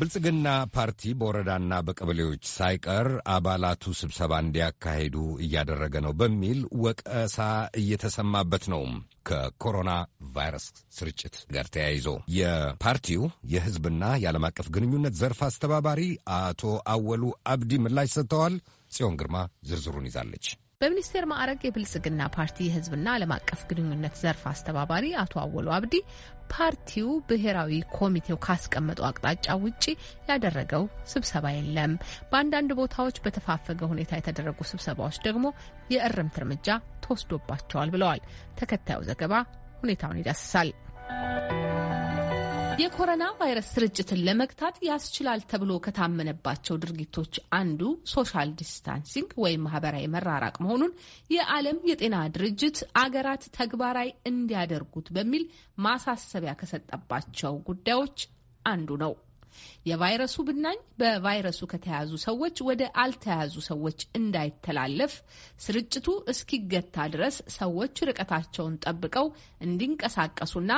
ብልጽግና ፓርቲ በወረዳና በቀበሌዎች ሳይቀር አባላቱ ስብሰባ እንዲያካሂዱ እያደረገ ነው በሚል ወቀሳ እየተሰማበት ነው። ከኮሮና ቫይረስ ስርጭት ጋር ተያይዞ የፓርቲው የሕዝብና የዓለም አቀፍ ግንኙነት ዘርፍ አስተባባሪ አቶ አወሉ አብዲ ምላሽ ሰጥተዋል። ጽዮን ግርማ ዝርዝሩን ይዛለች። በሚኒስቴር ማዕረግ የብልጽግና ፓርቲ የህዝብና ዓለም አቀፍ ግንኙነት ዘርፍ አስተባባሪ አቶ አወሎ አብዲ ፓርቲው ብሔራዊ ኮሚቴው ካስቀመጠው አቅጣጫ ውጪ ያደረገው ስብሰባ የለም። በአንዳንድ ቦታዎች በተፋፈገ ሁኔታ የተደረጉ ስብሰባዎች ደግሞ የእርምት እርምጃ ተወስዶባቸዋል ብለዋል። ተከታዩ ዘገባ ሁኔታውን ይዳስሳል። የኮሮና ቫይረስ ስርጭትን ለመግታት ያስችላል ተብሎ ከታመነባቸው ድርጊቶች አንዱ ሶሻል ዲስታንሲንግ ወይም ማህበራዊ መራራቅ መሆኑን የዓለም የጤና ድርጅት አገራት ተግባራዊ እንዲያደርጉት በሚል ማሳሰቢያ ከሰጠባቸው ጉዳዮች አንዱ ነው። የቫይረሱ ብናኝ በቫይረሱ ከተያዙ ሰዎች ወደ አልተያዙ ሰዎች እንዳይተላለፍ ስርጭቱ እስኪገታ ድረስ ሰዎች ርቀታቸውን ጠብቀው እንዲንቀሳቀሱና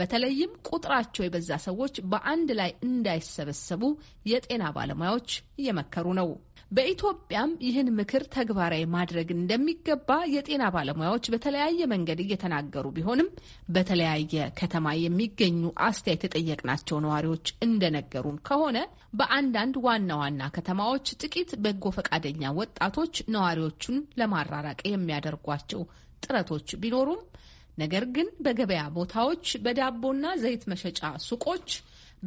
በተለይም ቁጥራቸው የበዛ ሰዎች በአንድ ላይ እንዳይሰበሰቡ የጤና ባለሙያዎች እየመከሩ ነው። በኢትዮጵያም ይህን ምክር ተግባራዊ ማድረግ እንደሚገባ የጤና ባለሙያዎች በተለያየ መንገድ እየተናገሩ ቢሆንም በተለያየ ከተማ የሚገኙ አስተያየት የጠየቅናቸው ነዋሪዎች እንደነገ የሚናገሩን ከሆነ በአንዳንድ ዋና ዋና ከተማዎች ጥቂት በጎ ፈቃደኛ ወጣቶች ነዋሪዎቹን ለማራራቅ የሚያደርጓቸው ጥረቶች ቢኖሩም ነገር ግን በገበያ ቦታዎች፣ በዳቦና ዘይት መሸጫ ሱቆች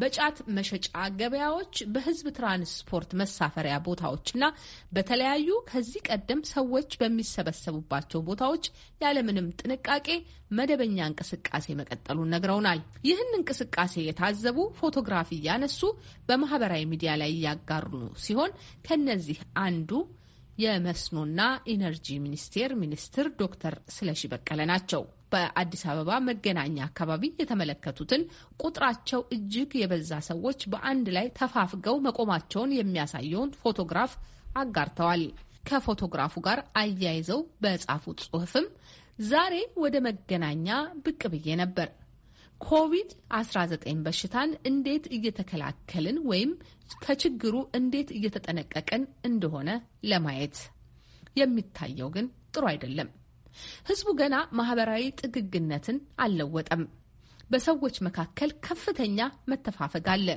በጫት መሸጫ ገበያዎች፣ በህዝብ ትራንስፖርት መሳፈሪያ ቦታዎችና በተለያዩ ከዚህ ቀደም ሰዎች በሚሰበሰቡባቸው ቦታዎች ያለምንም ጥንቃቄ መደበኛ እንቅስቃሴ መቀጠሉን ነግረውናል። ይህን እንቅስቃሴ የታዘቡ ፎቶግራፊ እያነሱ በማህበራዊ ሚዲያ ላይ እያጋሩ ሲሆን ከነዚህ አንዱ የመስኖና ኢነርጂ ሚኒስቴር ሚኒስትር ዶክተር ስለሺ በቀለ ናቸው። በአዲስ አበባ መገናኛ አካባቢ የተመለከቱትን ቁጥራቸው እጅግ የበዛ ሰዎች በአንድ ላይ ተፋፍገው መቆማቸውን የሚያሳየውን ፎቶግራፍ አጋርተዋል። ከፎቶግራፉ ጋር አያይዘው በጻፉት ጽሑፍም ዛሬ ወደ መገናኛ ብቅ ብዬ ነበር ኮቪድ-19 በሽታን እንዴት እየተከላከልን ወይም ከችግሩ እንዴት እየተጠነቀቀን እንደሆነ ለማየት የሚታየው ግን ጥሩ አይደለም። ህዝቡ ገና ማህበራዊ ጥግግነትን አልለወጠም። በሰዎች መካከል ከፍተኛ መተፋፈግ አለ።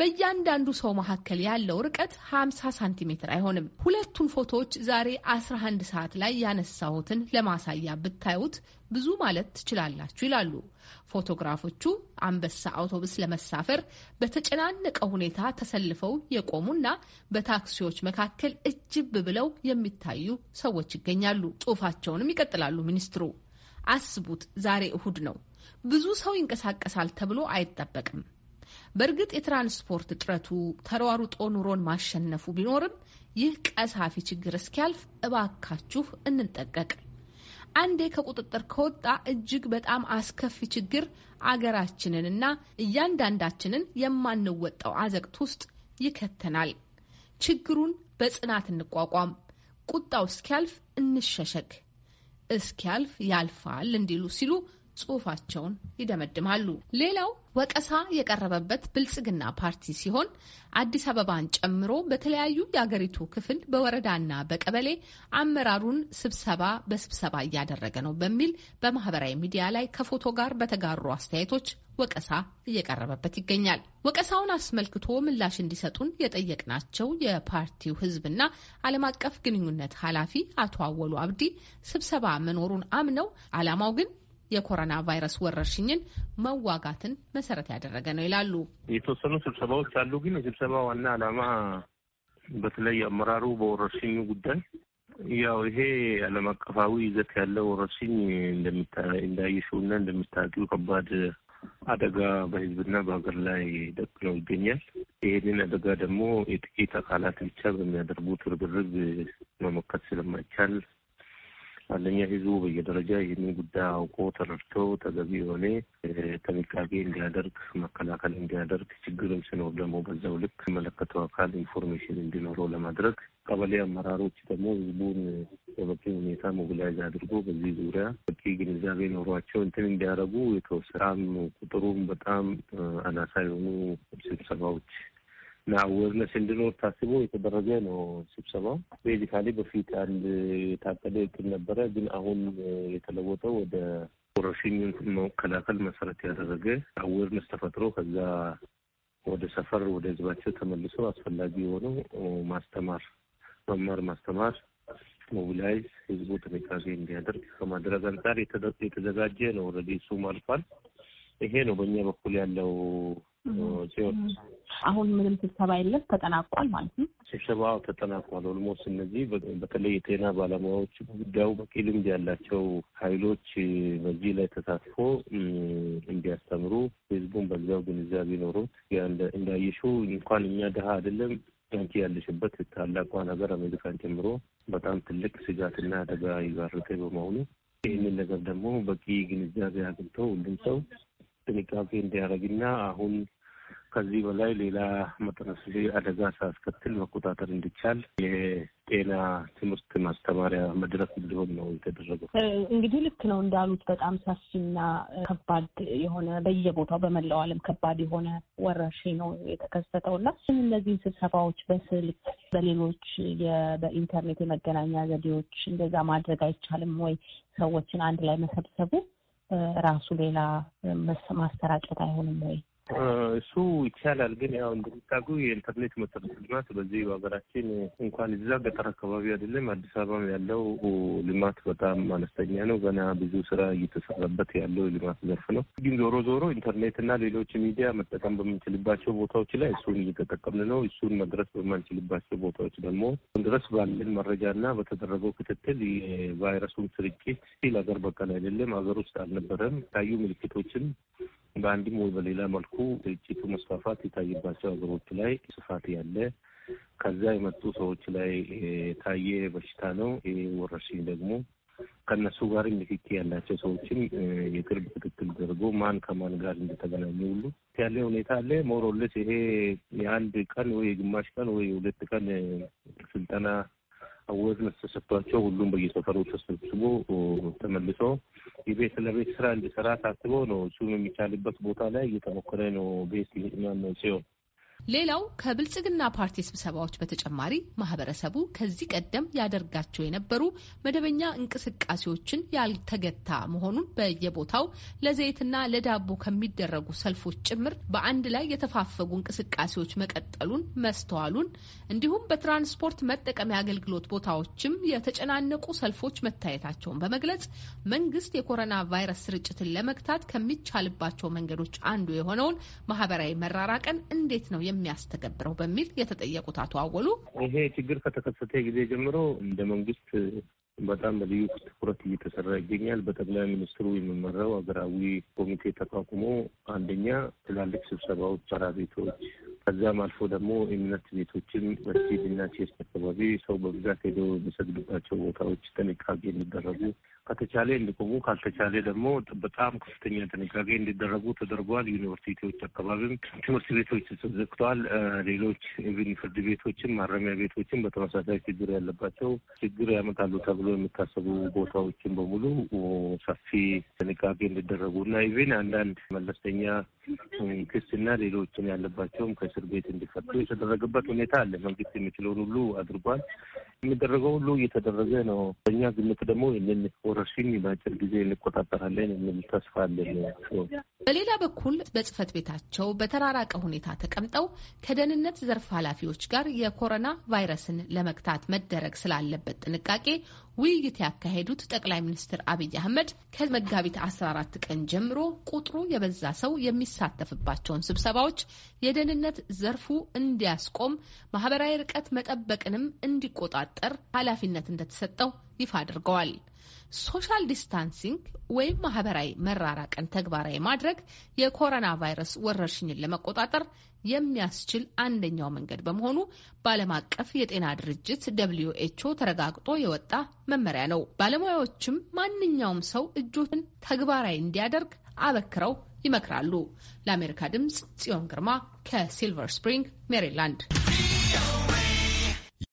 በእያንዳንዱ ሰው መካከል ያለው ርቀት 50 ሳንቲሜትር አይሆንም። ሁለቱን ፎቶዎች ዛሬ 11 ሰዓት ላይ ያነሳሁትን ለማሳያ ብታዩት ብዙ ማለት ትችላላችሁ ይላሉ ፎቶግራፎቹ። አንበሳ አውቶቡስ ለመሳፈር በተጨናነቀ ሁኔታ ተሰልፈው የቆሙና በታክሲዎች መካከል እጅብ ብለው የሚታዩ ሰዎች ይገኛሉ። ጽሑፋቸውንም ይቀጥላሉ ሚኒስትሩ። አስቡት ዛሬ እሁድ ነው። ብዙ ሰው ይንቀሳቀሳል ተብሎ አይጠበቅም። በእርግጥ የትራንስፖርት እጥረቱ ተሯሩጦ ኑሮን ማሸነፉ ቢኖርም ይህ ቀሳፊ ችግር እስኪያልፍ እባካችሁ እንጠቀቅ። አንዴ ከቁጥጥር ከወጣ እጅግ በጣም አስከፊ ችግር አገራችንንና እያንዳንዳችንን የማንወጣው አዘቅት ውስጥ ይከተናል። ችግሩን በጽናት እንቋቋም። ቁጣው እስኪያልፍ እንሸሸግ። እስኪያልፍ ያልፋል እንዲሉ ሲሉ ጽሑፋቸውን ይደመድማሉ። ሌላው ወቀሳ የቀረበበት ብልጽግና ፓርቲ ሲሆን አዲስ አበባን ጨምሮ በተለያዩ የአገሪቱ ክፍል በወረዳና በቀበሌ አመራሩን ስብሰባ በስብሰባ እያደረገ ነው በሚል በማህበራዊ ሚዲያ ላይ ከፎቶ ጋር በተጋሩ አስተያየቶች ወቀሳ እየቀረበበት ይገኛል። ወቀሳውን አስመልክቶ ምላሽ እንዲሰጡን የጠየቅናቸው የፓርቲው ህዝብና ዓለም አቀፍ ግንኙነት ኃላፊ አቶ አወሉ አብዲ ስብሰባ መኖሩን አምነው ዓላማው ግን የኮሮና ቫይረስ ወረርሽኝን መዋጋትን መሰረት ያደረገ ነው ይላሉ። የተወሰኑ ስብሰባዎች አሉ። ግን የስብሰባ ዋና ዓላማ በተለይ አመራሩ በወረርሽኙ ጉዳይ ያው ይሄ ዓለም አቀፋዊ ይዘት ያለው ወረርሽኝ እንዳየሽውና እና እንደምታውቂው ከባድ አደጋ በህዝብና በሀገር ላይ ደቅኖ ይገኛል። ይህንን አደጋ ደግሞ የጥቂት አካላት ብቻ በሚያደርጉት ርብርብ መመከት ስለማይቻል አንደኛ ህዝቡ በየደረጃ ይህንን ጉዳይ አውቆ ተረድቶ ተገቢ የሆነ ጥንቃቄ እንዲያደርግ መከላከል እንዲያደርግ፣ ችግርም ሲኖር ደግሞ በዛው ልክ መለከተው አካል ኢንፎርሜሽን እንዲኖረው ለማድረግ ቀበሌ አመራሮች ደግሞ ህዝቡን በበቂ ሁኔታ ሞቢላይዝ አድርጎ በዚህ ዙሪያ በቂ ግንዛቤ ኖሯቸው እንትን እንዲያደርጉ የተወሰራም ቁጥሩም በጣም አናሳ የሆኑ ስብሰባዎች እና አዌርነስ እንዲኖር ታስቦ የተደረገ ነው ስብሰባው። ቤዚካሊ በፊት አንድ የታቀደ እቅድ ነበረ፣ ግን አሁን የተለወጠው ወደ ወረርሽኙን መከላከል መሰረት ያደረገ አዌርነስ ተፈጥሮ ከዛ ወደ ሰፈር ወደ ህዝባቸው ተመልሶ አስፈላጊ የሆነው ማስተማር፣ መማር ማስተማር፣ ሞቢላይዝ ህዝቡ ጥንቃቄ እንዲያደርግ ከማድረግ አንጻር የተዘጋጀ ነው። ረዲ እሱም አልፏል። ይሄ ነው በእኛ በኩል ያለው አሁን ምንም ስብሰባ የለም፣ ተጠናቋል ማለት ነው። ስብሰባ ተጠናቋል። ኦልሞስት እነዚህ በተለይ የጤና ባለሙያዎች ጉዳዩ በቂ ልምድ ያላቸው ኃይሎች በዚህ ላይ ተሳትፎ እንዲያስተምሩ ህዝቡን በዚያው ግንዛቤ ኖሮት እንዳየሽው እንኳን እኛ ድሀ አይደለም አንቺ ያለሽበት ታላቋ ነገር አሜሪካን ጨምሮ በጣም ትልቅ ስጋትና አደጋ ይጋርጠ በመሆኑ ይህንን ነገር ደግሞ በቂ ግንዛቤ አግኝቶ ሁሉም ሰው ጥንቃቄ እንዲያደርግና አሁን ከዚህ በላይ ሌላ መጠነ ሰፊ አደጋ ሳያስከትል መቆጣጠር እንዲቻል የጤና ትምህርት ማስተማሪያ መድረክ እንዲሆን ነው የተደረገው። እንግዲህ ልክ ነው እንዳሉት በጣም ሰፊና ከባድ የሆነ በየቦታው በመላው ዓለም ከባድ የሆነ ወረርሽኝ ነው የተከሰተው እና እነዚህን ስብሰባዎች በስልክ በሌሎች በኢንተርኔት የመገናኛ ዘዴዎች እንደዛ ማድረግ አይቻልም ወይ? ሰዎችን አንድ ላይ መሰብሰቡ ራሱ ሌላ ማሰራጨት አይሆንም ወይ? እሱ ይቻላል። ግን ያው እንደሚታጉ የኢንተርኔት መሰረተ ልማት በዚህ በሀገራችን እንኳን እዛ ገጠር አካባቢ አይደለም አዲስ አበባ ያለው ልማት በጣም አነስተኛ ነው። ገና ብዙ ስራ እየተሰራበት ያለው ልማት ዘርፍ ነው። ግን ዞሮ ዞሮ ኢንተርኔትና ሌሎች ሚዲያ መጠቀም በምንችልባቸው ቦታዎች ላይ እሱን እየተጠቀምን ነው። እሱን መድረስ በማንችልባቸው ቦታዎች ደግሞ ድረስ ባለን መረጃና በተደረገው ክትትል የቫይረሱን ስርጭት ሲል ሀገር በቀል አይደለም፣ ሀገር ውስጥ አልነበረም። ታዩ ምልክቶችን በአንድም ወይ በሌላ መልኩ ድርጅቱ መስፋፋት የታየባቸው ሀገሮች ላይ ስፋት ያለ ከዛ የመጡ ሰዎች ላይ የታየ በሽታ ነው። ይህ ወረርሽኝ ደግሞ ከነሱ ጋር ንክኪ ያላቸው ሰዎችም የቅርብ ክትትል ደርጎ ማን ከማን ጋር እንደተገናኙ ሁሉ ያለ ሁኔታ አለ። ሞሮልስ ይሄ የአንድ ቀን ወይ የግማሽ ቀን ወይ የሁለት ቀን ስልጠና አወዝ መተሰጥቷቸው ሁሉም በየሰፈሩ ተሰብስቦ ተመልሶ የቤት ለቤት ስራ እንዲሰራ ታስበው ነው። እሱም የሚቻልበት ቦታ ላይ እየተሞከረ ነው። ቤት ሲሆን ሌላው ከብልጽግና ፓርቲ ስብሰባዎች በተጨማሪ ማህበረሰቡ ከዚህ ቀደም ያደርጋቸው የነበሩ መደበኛ እንቅስቃሴዎችን ያልተገታ መሆኑን በየቦታው ለዘይትና ለዳቦ ከሚደረጉ ሰልፎች ጭምር በአንድ ላይ የተፋፈጉ እንቅስቃሴዎች መቀጠሉን መስተዋሉን እንዲሁም በትራንስፖርት መጠቀሚያ አገልግሎት ቦታዎችም የተጨናነቁ ሰልፎች መታየታቸውን በመግለጽ መንግስት የኮሮና ቫይረስ ስርጭትን ለመግታት ከሚቻልባቸው መንገዶች አንዱ የሆነውን ማህበራዊ መራራቅን እንዴት ነው የሚያስተገብረው በሚል የተጠየቁት አቶ አወሉ ይሄ ችግር ከተከሰተ ጊዜ ጀምሮ እንደ መንግስት በጣም በልዩ ትኩረት እየተሰራ ይገኛል። በጠቅላይ ሚኒስትሩ የሚመራው ሀገራዊ ኮሚቴ ተቋቁሞ አንደኛ ትላልቅ ስብሰባዎች፣ ጸራ ቤቶች፣ ከዛም አልፎ ደግሞ እምነት ቤቶችን መስጊድና ቼስ አካባቢ ሰው በብዛት ሄደው የሚሰግድባቸው ቦታዎች ጥንቃቄ የሚደረጉ ከተቻለ እንዲቆሙ ካልተቻለ ደግሞ በጣም ከፍተኛ ጥንቃቄ እንዲደረጉ ተደርጓል። ዩኒቨርሲቲዎች አካባቢም ትምህርት ቤቶች ተዘግተዋል። ሌሎች ኢቭን ፍርድ ቤቶችም ማረሚያ ቤቶችም በተመሳሳይ ችግር ያለባቸው ችግር ያመጣሉ ተብሎ የሚታሰቡ ቦታዎችን በሙሉ ሰፊ ጥንቃቄ እንዲደረጉ እና ኢቭን አንዳንድ መለስተኛ ክስና ሌሎችን ያለባቸውም ከእስር ቤት እንዲፈቱ የተደረገበት ሁኔታ አለ። መንግስት የሚችለውን ሁሉ አድርጓል። የሚደረገው ሁሉ እየተደረገ ነው። በእኛ ግምት ደግሞ ይህንን ወረርሽኝ በአጭር ጊዜ እንቆጣጠራለን የሚል ተስፋ አለን። በሌላ በኩል በጽህፈት ቤታቸው በተራራቀ ሁኔታ ተቀምጠው ከደህንነት ዘርፍ ኃላፊዎች ጋር የኮሮና ቫይረስን ለመግታት መደረግ ስላለበት ጥንቃቄ ውይይት ያካሄዱት ጠቅላይ ሚኒስትር አብይ አህመድ ከመጋቢት 14 ቀን ጀምሮ ቁጥሩ የበዛ ሰው የሚሳተፍባቸውን ስብሰባዎች የደህንነት ዘርፉ እንዲያስቆም፣ ማህበራዊ ርቀት መጠበቅንም እንዲቆጣጠር ኃላፊነት እንደተሰጠው ይፋ አድርገዋል። ሶሻል ዲስታንሲንግ ወይም ማህበራዊ መራራቅን ተግባራዊ ማድረግ የኮሮና ቫይረስ ወረርሽኝን ለመቆጣጠር የሚያስችል አንደኛው መንገድ በመሆኑ በዓለም አቀፍ የጤና ድርጅት ደብልዩ ኤች ኦ ተረጋግጦ የወጣ መመሪያ ነው። ባለሙያዎችም ማንኛውም ሰው እጆችን ተግባራዊ እንዲያደርግ አበክረው ይመክራሉ። ለአሜሪካ ድምፅ ጽዮን ግርማ ከሲልቨር ስፕሪንግ ሜሪላንድ